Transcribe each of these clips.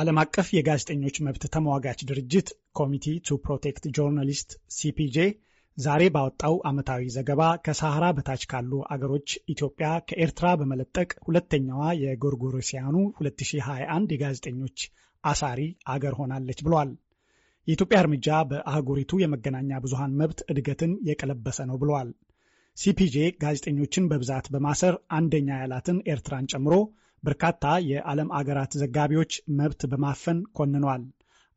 ዓለም አቀፍ የጋዜጠኞች መብት ተሟጋች ድርጅት ኮሚቲ ቱ ፕሮቴክት ጆርናሊስት ሲፒጄ ዛሬ ባወጣው ዓመታዊ ዘገባ ከሳህራ በታች ካሉ አገሮች ኢትዮጵያ ከኤርትራ በመለጠቅ ሁለተኛዋ የጎርጎሮሲያኑ 2021 የጋዜጠኞች አሳሪ አገር ሆናለች ብሏል። የኢትዮጵያ እርምጃ በአህጉሪቱ የመገናኛ ብዙሃን መብት እድገትን የቀለበሰ ነው ብሏል። ሲፒጄ ጋዜጠኞችን በብዛት በማሰር አንደኛ ያላትን ኤርትራን ጨምሮ በርካታ የዓለም አገራት ዘጋቢዎች መብት በማፈን ኮንኗል።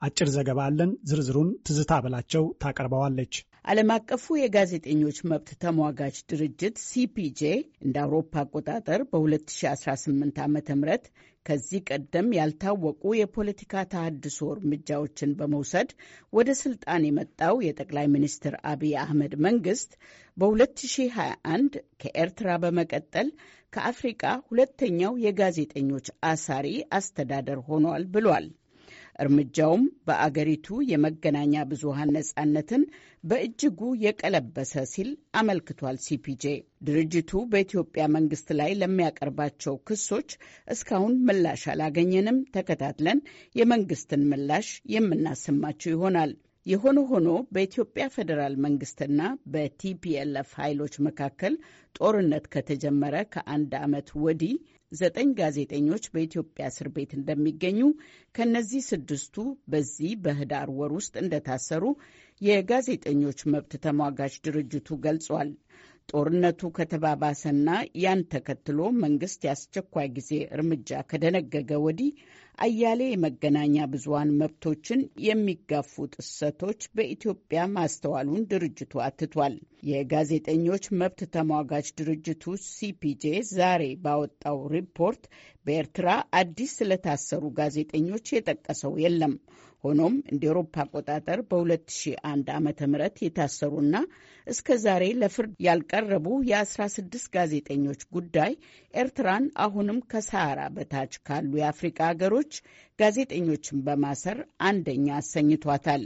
አጭር ዘገባ አለን። ዝርዝሩን ትዝታ በላቸው ታቀርበዋለች። ዓለም አቀፉ የጋዜጠኞች መብት ተሟጋች ድርጅት ሲፒጄ እንደ አውሮፓ አቆጣጠር በ2018 ዓ ም ከዚህ ቀደም ያልታወቁ የፖለቲካ ተሃድሶ እርምጃዎችን በመውሰድ ወደ ስልጣን የመጣው የጠቅላይ ሚኒስትር አብይ አህመድ መንግስት በ2021 ከኤርትራ በመቀጠል ከአፍሪቃ ሁለተኛው የጋዜጠኞች አሳሪ አስተዳደር ሆኗል ብሏል። እርምጃውም በአገሪቱ የመገናኛ ብዙሃን ነጻነትን በእጅጉ የቀለበሰ ሲል አመልክቷል። ሲፒጄ ድርጅቱ በኢትዮጵያ መንግስት ላይ ለሚያቀርባቸው ክሶች እስካሁን ምላሽ አላገኘንም። ተከታትለን የመንግስትን ምላሽ የምናሰማቸው ይሆናል። የሆነ ሆኖ በኢትዮጵያ ፌዴራል መንግስትና በቲፒኤልኤፍ ኃይሎች መካከል ጦርነት ከተጀመረ ከአንድ ዓመት ወዲህ ዘጠኝ ጋዜጠኞች በኢትዮጵያ እስር ቤት እንደሚገኙ ከነዚህ ስድስቱ በዚህ በህዳር ወር ውስጥ እንደታሰሩ የጋዜጠኞች መብት ተሟጋች ድርጅቱ ገልጿል። ጦርነቱ ከተባባሰና ያን ተከትሎ መንግስት የአስቸኳይ ጊዜ እርምጃ ከደነገገ ወዲህ አያሌ የመገናኛ ብዙሃን መብቶችን የሚጋፉ ጥሰቶች በኢትዮጵያ ማስተዋሉን ድርጅቱ አትቷል። የጋዜጠኞች መብት ተሟጋች ድርጅቱ ሲፒጄ ዛሬ ባወጣው ሪፖርት በኤርትራ አዲስ ስለታሰሩ ጋዜጠኞች የጠቀሰው የለም። ሆኖም እንደ ኤሮፓ አቆጣጠር በ2001 ዓ ም የታሰሩና እስከ ዛሬ ለፍርድ ያልቀረቡ የ16 ጋዜጠኞች ጉዳይ ኤርትራን አሁንም ከሰሃራ በታች ካሉ የአፍሪቃ ሀገሮች ጋዜጠኞችን በማሰር አንደኛ አሰኝቷታል።